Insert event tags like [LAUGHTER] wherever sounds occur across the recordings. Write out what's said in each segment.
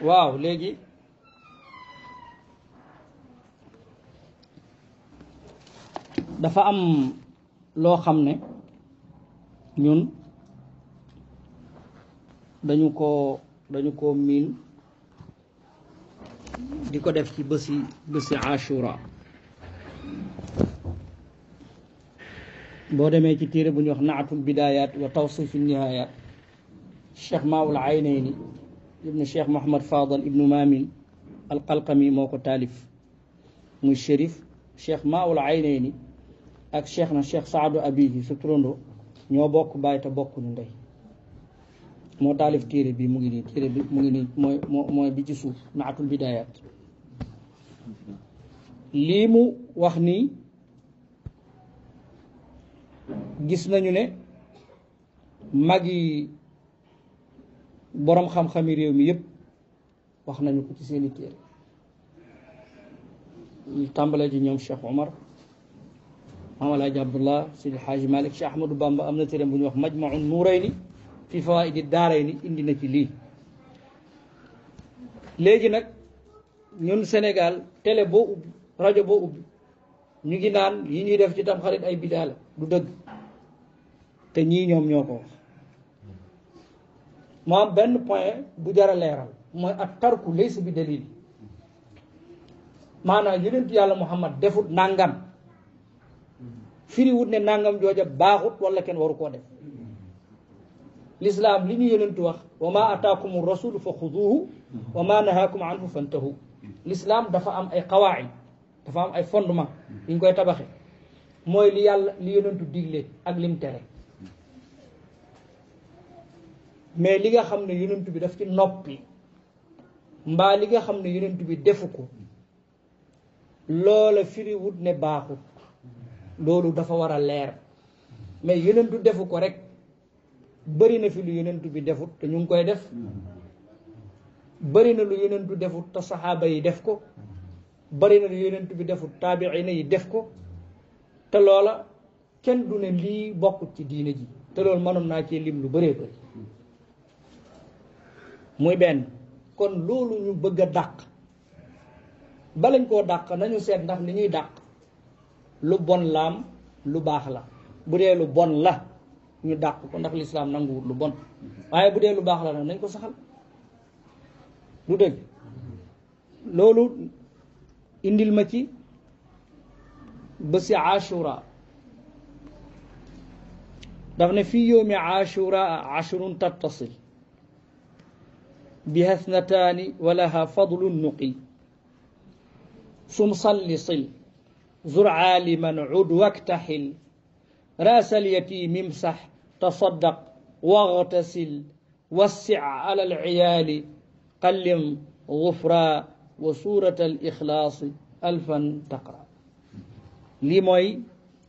waaw léegi dafa am loo xam ne ñun dañu ko dañu ko miin di ko def ci bési bési ashura boo demee ci téere bu ñuy wax naatul bidayat taw tawsif nihayat cheikh maawul aynayni ibnu cheikh Mouhamad Fadal ibnu Mamin alqalqami moo ko taalif muy shérif cheikh Maawul Aynayni ak cheikh na cheikh Saadu Abihi su turando ñoo bokk bàyyi te bokkuñu ndey moo taalif téere bi mu ngi nii téere bi mu ngi nii mooy mooy bi ci suuf naatul bidaayaat lii mu wax nii gis nañu ne mag boroom xam-xami réew mi yépp wax nañu ko ci seeni téere ñu tàmbalee ci ñoom Cheikh Omar maam Alaaji Abdullah Sidi Xaaji Malik Cheikh Ahmadou Bamba am na téere bu ñuy wax Majmaun Nuurayni fi fawaidi daarayni indi na ci lii léegi nag ñun Sénégal tele boo ubbi rajo boo ubbi ñu ngi naan yi ñuy def ci tamxarit ay bidaa la du dëgg te ñii ñoom ñoo ko wax mu am benn point bu jar a leeral mooy ak tarku laysa bi dalil maanaam yonentu yàlla muhammad defut nangam firiwut ne nangam jooja baaxut wala kenn waru koo def lislaam li ñu yonentu wax wa ma ataakum rasul fa xuduuhu wa ma nahaakum anhu fantahu lislaam dafa am ay qawaid dafa am ay fondement yu ñu koy tabaxe mooy li yàlla li yonentu digle ak lim tere mais li nga xam ne yonent bi daf ci noppi mbaa li nga xam ne yonent bi defu ko loola firiwut ne baaxut loolu dafa war a leer mais yonentu defu ko rek bëri na fi lu yonentu bi defut te ñu ngi koy def bëri na lu yonentu defut te saxaaba yi def ko bëri na lu yonentu bi defut taabiina yi def ko te loola kenn du ne lii bokkut ci diine ji te loolu mënoon naa cee lim lu bëree bëri muy ben kon lulu ñu bëgg a ba lañ ko dàq nañu sét ndax li ñuy dàq lu bon laam lu bax la bu dé lu bon la ñu dàq ko ndax l'islam nangu lu bon waye bu dé lu bax la nañ ko saxal du deug lolu indil ma ci ba ashura daf ne fi ashura ashrun tattasil بها اثنتان ولها فضل النقي صم صل صل زر عالما عد واكتحل راس اليتيم امسح تصدق واغتسل وسع على العيال قلم غفرا وسورة الإخلاص ألفا تقرأ لي mooy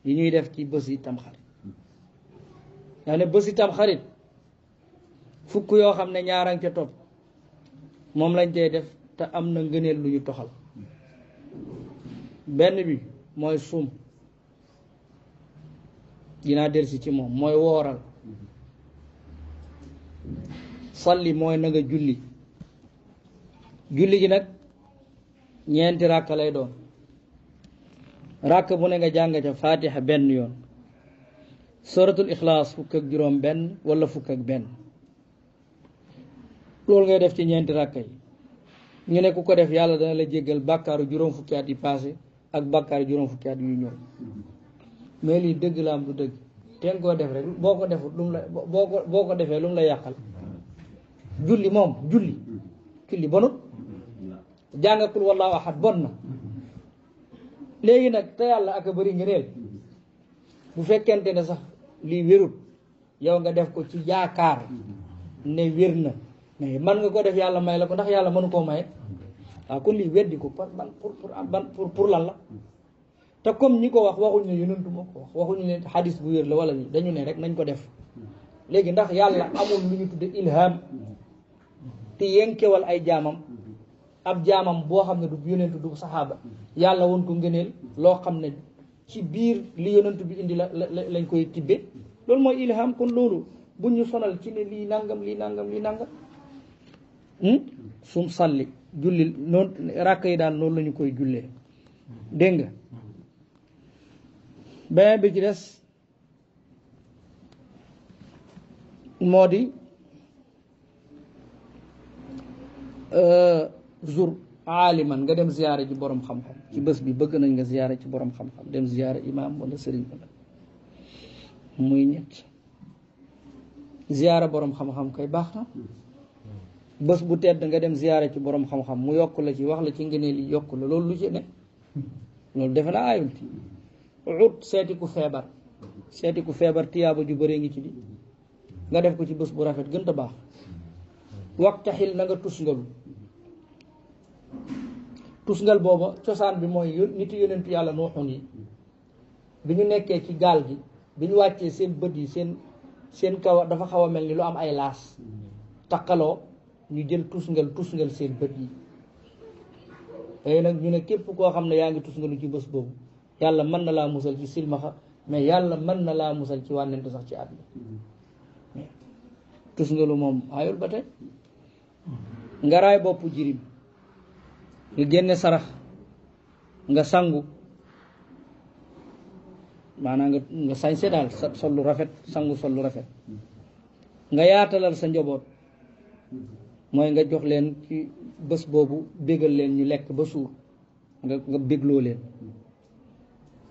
li ñuy def ci bés يعني tamxarit yaa ne bés yi moom lañ tey def te am na ngëneel lu ñu toxal benn bi mooy suum dinaa delsi ci moom mooy wooral salli mooy na nga julli julli gi nag ñeenti ràkk lay doon ràkk bu ne nga jàng ca fatiha benn yoon suratul ixlaas fukk ak juróom benn wala fukk ak benn loolu ngay def ci ñeenti rakka yi ñu ne ku ko def yàlla dana la jéggal bàkkaaru juróom fukki at yi passé ak bàkkaaru juróom fukki at yu ñëw mais lii dëgg la am du dëgg teen koo def rek boo ko defut lu mu la boo ko boo ko defee lu mu la yàqal julli moom julli julli bonut jàngakul wallaahu ahad bon na léegi nag te yàlla ak a bëri ngëneel bu fekkente ne sax lii wérut yow nga def ko ci yaakaar ne wér na mais man nga ko def yàlla may la ko ndax yàlla mënu koo maye waaw kon lii weddi ko par ban pour pour pour lan la te comme ñi ko wax waxul ñu yonentu moo ko wax waxuñu ne xadis bu wér la wala dañu ne rek nañ ko def léegi ndax yàlla amul lu ñu tudde ilham te yenkewal ay jaamam ab jaamam boo xam ne du yonentu du saxaaba yàlla woon ko ngëneel loo xam ne ci biir li yonentu bi indi la lañ koy tibbe loolu mooy ilham kon loolu bu ñu sonal ci ne li nangam lii nangam lii nangam Hmm? sum salli julli noonu ràkk yi daal noonu la koy jullee dégg nga beneen bi ci des moo di euh, zur aaliman nga dem ziyaare ji borom xam-xam ci bés bi bëgg nañ nga ziyaare ci borom xam-xam dem ziyaare imaam wala sëriñ wala muy ñett ziyaare borom xam-xam kay baax na bës bu tedd nga dem ziaré ci borom xam-xam mu yok la ci wax la ci ngeneel yi yok la loolu lu ci ne loolu defe naa ayut ut séti ku feebar séti ku feebar tiyabu ju bëree ngi ci di nga def ko ci bës bu rafet gën ta baax waxtaxil na nga tusngalu tusngal boba ciosan bi moy nit yonent yalla no yi bi nekké ci gal gi biñu waccé seen bët yi seen seen kaw dafa xawa melni lu am ay las takalo ñu jël tusngal tusngal seen bët yi léegi nag ñu ne képp koo xam ne yaa ngi tusngalu ci bés boobu yàlla mën na laa musal ci silmaxa mais yàlla man na laa musal ci wànnente sax ci àdduna tusngalu moom aayul ba tey nga raay bopp jirim nga génne sarax nga sangu maanaa nga nga sañse daal sol lu rafet sangu sol lu rafet nga yaatalal sa njaboot mooy nga jox leen ci bés boobu bégal leen ñu lekk ba suur nga nga bégloo leen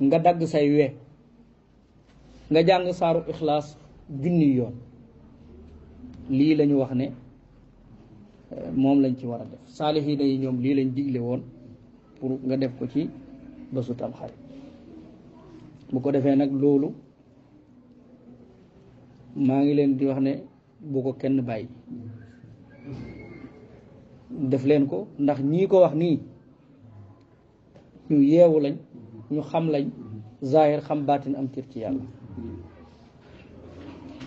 nga dagg say we nga jàng saaru ixlaas junni yoon lii lañu wax ne euh, moom lañ ci war a def saalihiina yi ñoom lii lañ digle woon pour nga def ko ci bésu tamxarit bu ko defee nag loolu maa ngi leen di wax ne bu ko kenn bàyyi def leen ko ndax ñii ko wax nii ñu yeewu lañ ñu xam lañ zahir xam baatin am cër ci yàlla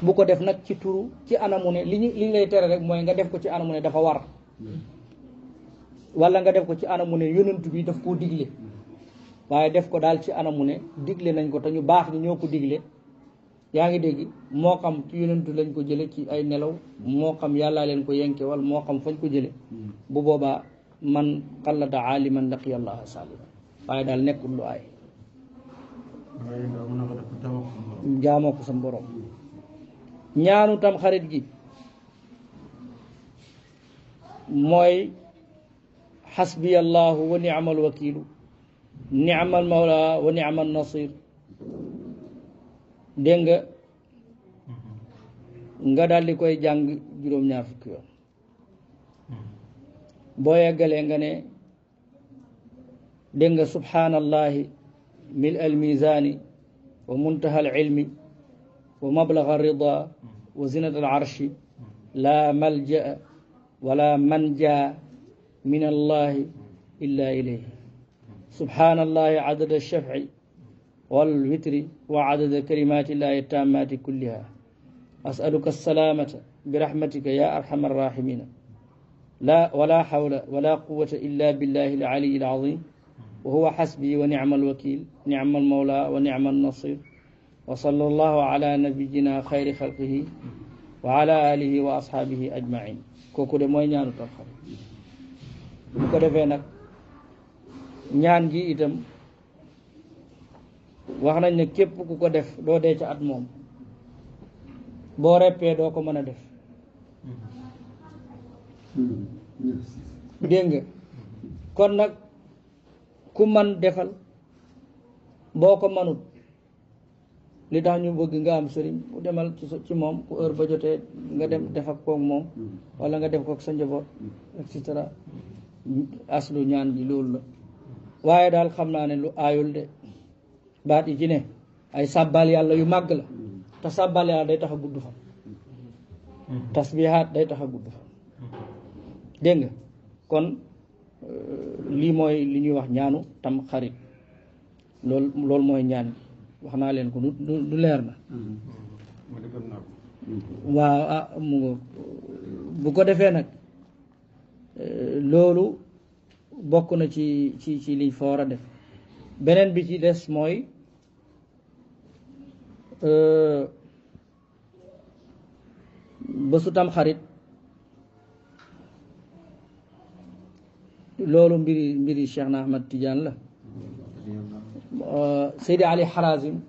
bu ko def nag ci turu ci anamu ne li ñu lay tere rek mooy nga def ko ci anamu ne dafa war wala nga def ko ci anamu ne yonent bi daf koo digle waaye def ko daal ci anamu ne digle nañ ko te ñu baax ñi ñoo ko digle yaa ngi dégg moo xam ci yonentu lañ ko jële ci ay nelaw moo xam yàllaa leen ko yenke wal moo xam fañ ko jële bu boobaa man xallata aaliman laqiya allaha saliman waaye daal nekkul lu aay jaamoo ko sa ñaanu tam xarit gi mooy xasbiya allahu wa niamal wakiilu niamal mawla wa niamal nasir dégg nga nga daal di koy jàng juróom-ñaar fukki yoon boo yeggalee nga ne dégg nga subhanallahi mil al mizani wa muntaha al ilmi wa mablagha al rida wa zinat al arshi la malja wala manja min allahi illa ilayhi subhanallahi adada al shafi والوتر وعدد كلمات الله التامات كلها أسألك السلامة برحمتك يا أرحم الراحمين لا ولا حول ولا قوة إلا بالله العلي العظيم وهو حسبي ونعم الوكيل نعم المولى ونعم النصير وصلى الله على نبينا خير خلقه وعلى آله وأصحابه أجمعين كوكو دي موي نيانو تخا بوكو ko defee نيان جي ايتام wax nañ ne képp ku ko def doo dee ci at moom boo reppee doo ko mën a def dégg nga kon nag ku man defal boo ko manut li tax ñu bëgg nga am sëriñ bu demal ci moom ku heure ba jotee nga dem def ak koog moom wala nga def koog sa njaboot et cetera aslu ñaan ji loolu la waaye daal xam naa ne lu aayul de baat yi ci ne ay sàbbaal yàlla yu màgg la te sàbbaal yàlla day tax a gudd fan tasbihaat day tax a gudd fan dégg kon euh, lii mooy li ñuy wax ñaanu tam xarit loolu loolu mooy ñaan bi wax naa leen ko du leer na waaw ah, bu ko defee nag euh, loolu bokk na ci ci ci liñ fa a def beneen bi ci des mooy Euh, bésu tamxarit loolu mbiri mbiri Cheikh na Ahmad Tidiane la euh, Seydi Ali Harazim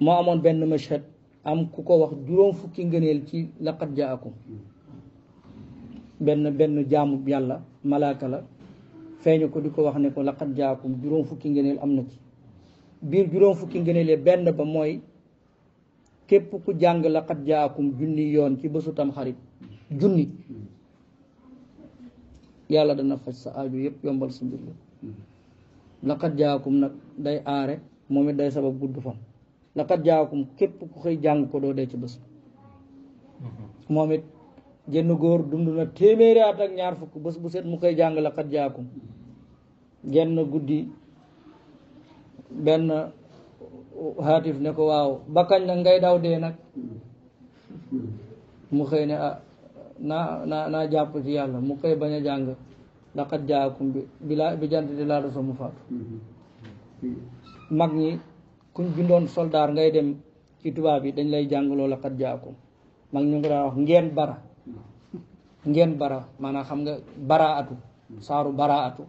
moo amoon benn mashhad am ku ko wax juróom fukki ngëneel ci laqad jaakum benn benn jaamu yàlla malaaka la feeñu ko di ko wax ne ko laqad jaakum juróom fukki ngëneel am na ci biir juróom fukki ngëneele benn ba mooy képp ku jàng laqad jaakum junni yoon ci bësu tam xarit junni yàlla dana faj sa aju yëpp yombal sa mbir yëpp jaakum nag day aare moom it day sabab gudd fan laqad jaakum képp ku xëy jàng ko doo dee ci bés moom it jenn góor dund na téeméeri ak ñaar fukk bés bu set mu koy jàng laqad jaakum genn guddi benn xaatif ne ko waaw bakkañ kañ nag ngay daw dee nag mu xëy ne ah, naa naa naa jàpp ci yàlla mu koy bañ a jàng laqad jaakum bi bi laa bi jant di laata sama faatu mag ñi kuñ jundoon soldaar ngay dem ci tubaab yi dañ lay jàngloo laqad jaakum mag ñu ngi daan wax ngeen bara ngeen bara maanaam xam nga baraatu saaru baraatu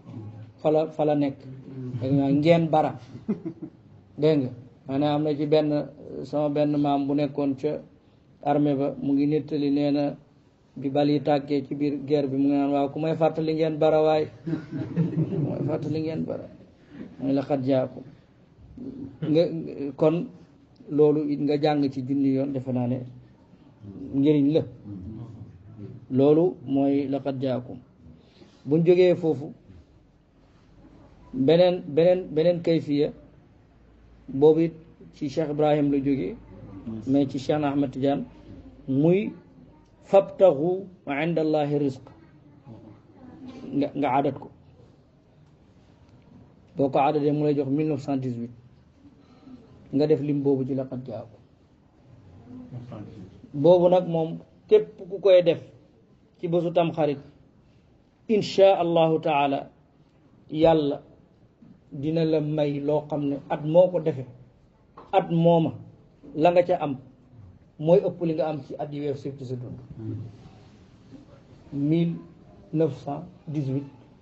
fala fala nekk ngeen bara dégg nga maanaam am na ci benn sama benn maam bu nekkoon ca armée ba mu ngi nettali nee na bi bal tàkkee ci biir ger bi mu ngi naan waaw ku may fàttali ngeen bara waay [LAUGHS] ngeen bara mooy la xat jaaku nga kon loolu nga jàng ci junni yoon defe naa la loolu mooy la xat jaaku buñ jógee foofu beneen beneen beneen kayfiya boobu it ci Cheikh Ibrahim la jóge mais ci Cheikh Ahmed Tidiane muy fabtaxu inda allahi risq nga nga adat ko boo ko adatee mu lay jox mille neuf cent nga def lim boobu ci laqat jaaw boobu nag moom képp ku koy def ci bosu tam xarit insha allahu taala yàlla dina la may loo xam ne at moo ko defee at mooma la nga ca am mooy ëpp li nga am ci at yi weesu surtout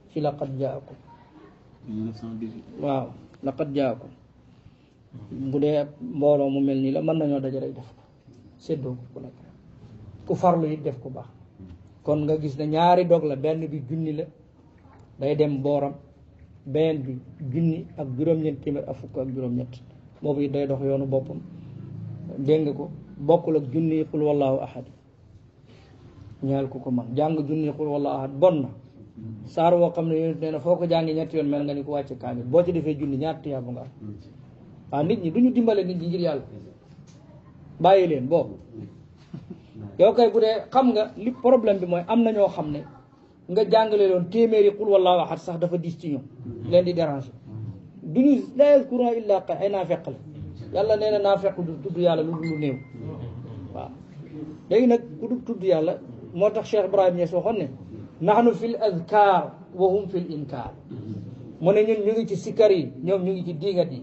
ci laqad jaakum mille neuf cent bu dee mbooloo mu mel nii la mën nañoo daje def ko séddoo ku farlu it def ko baax kon nga gis ne ñaari dog la benn bi junni la day dem booram beneen bi junni ak juróom-ñeent téeméer ak fukk ak juróom-ñett boobu day dox yoonu boppam dégg ko bokkul ak junni xul wallaahu ahad ñaal ku ko man jàng junni xul wallaahu ahad bon na saar woo xam ne yonent nee na foo ko jàngi ñetti yoon mel nga ni ko wàcce kaamil boo ci defee junni ñaat tiyaabu nga am waaw nit ñi du ñu dimbale nit ñi ngir yàlla bàyyi leen boobu [LAUGHS] yow kay bu dee xam nga li problème bi mooy am na ñoo xam ne nga jàngale loon téeméeri qul wallahu ahad sax dafa diis ci ñoom leen di déranger duñu la yazkuruna illa qal ay naafeq la yàlla nee na naafeq du tudd yàlla lu lu néew waaw léegi nag ku du tudd yàlla moo Cheikh Ibrahim Niass waxoon ne nahnu fi azkar wa hum fi inkar mu ñun ñu ngi ci sikkar yi ñu ngi ci diingat yi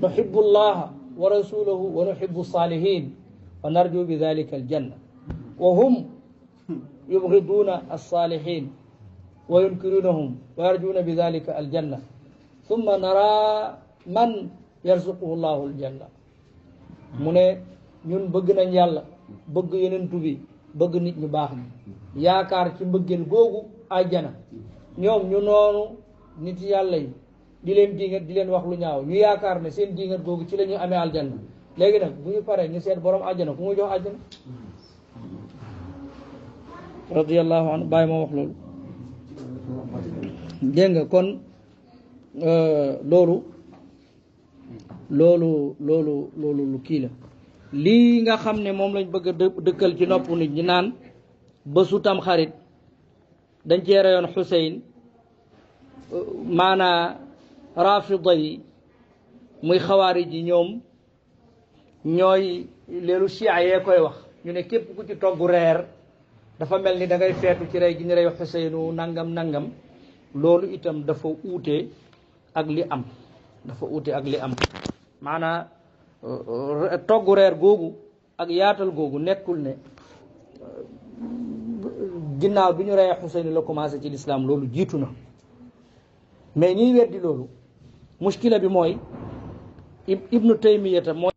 nuhibbu allaha wa rasulahu wa nuhibbu salihin wa يبغضون الصالحين وينكرونهم ويرجون بذلك الجنة ثم نرى من يرزقه الله الجنة mu ne ñun bëgg nañ yàlla bëgg yenentu bi bëgg nit ñu baax ñi yaakaar ci mbëggeel googu àjjana ñoom ñu noonu nit yàlla yi di leen diingat di leen wax lu ñaaw ñu yaakaar ne seen diingat googu ci la ñu amee aljanna léegi nag bu ñu paree ñu seet borom àjjana ku mu jox àjjana radiyallahu anhu bàyyi moo wax loolu deng nga kon euh, loolu loolu loolu loolu lu ki la li nga xamne mom lañ bëgg dekkal ci nopp nit ñi naan bésu tam xarit dañ ci rayon hussein euh, mana rafidhi muy ji koy wax ñu ne képp ku ci togg reer dafa mel ni da ngay feetu ci rey gi ñu rey Xuseynu nangam nangam loolu itam dafa uute ak li am dafa uute ak li am maanaa euh, togg reer googu ak yaatal googu nekkul ne euh, ginnaaw bi ñu reyee Xuseynu la commencé ci lislaam loolu jiitu na mais ñiy weddi loolu muskila bi mooy ibnu taymiyata mooy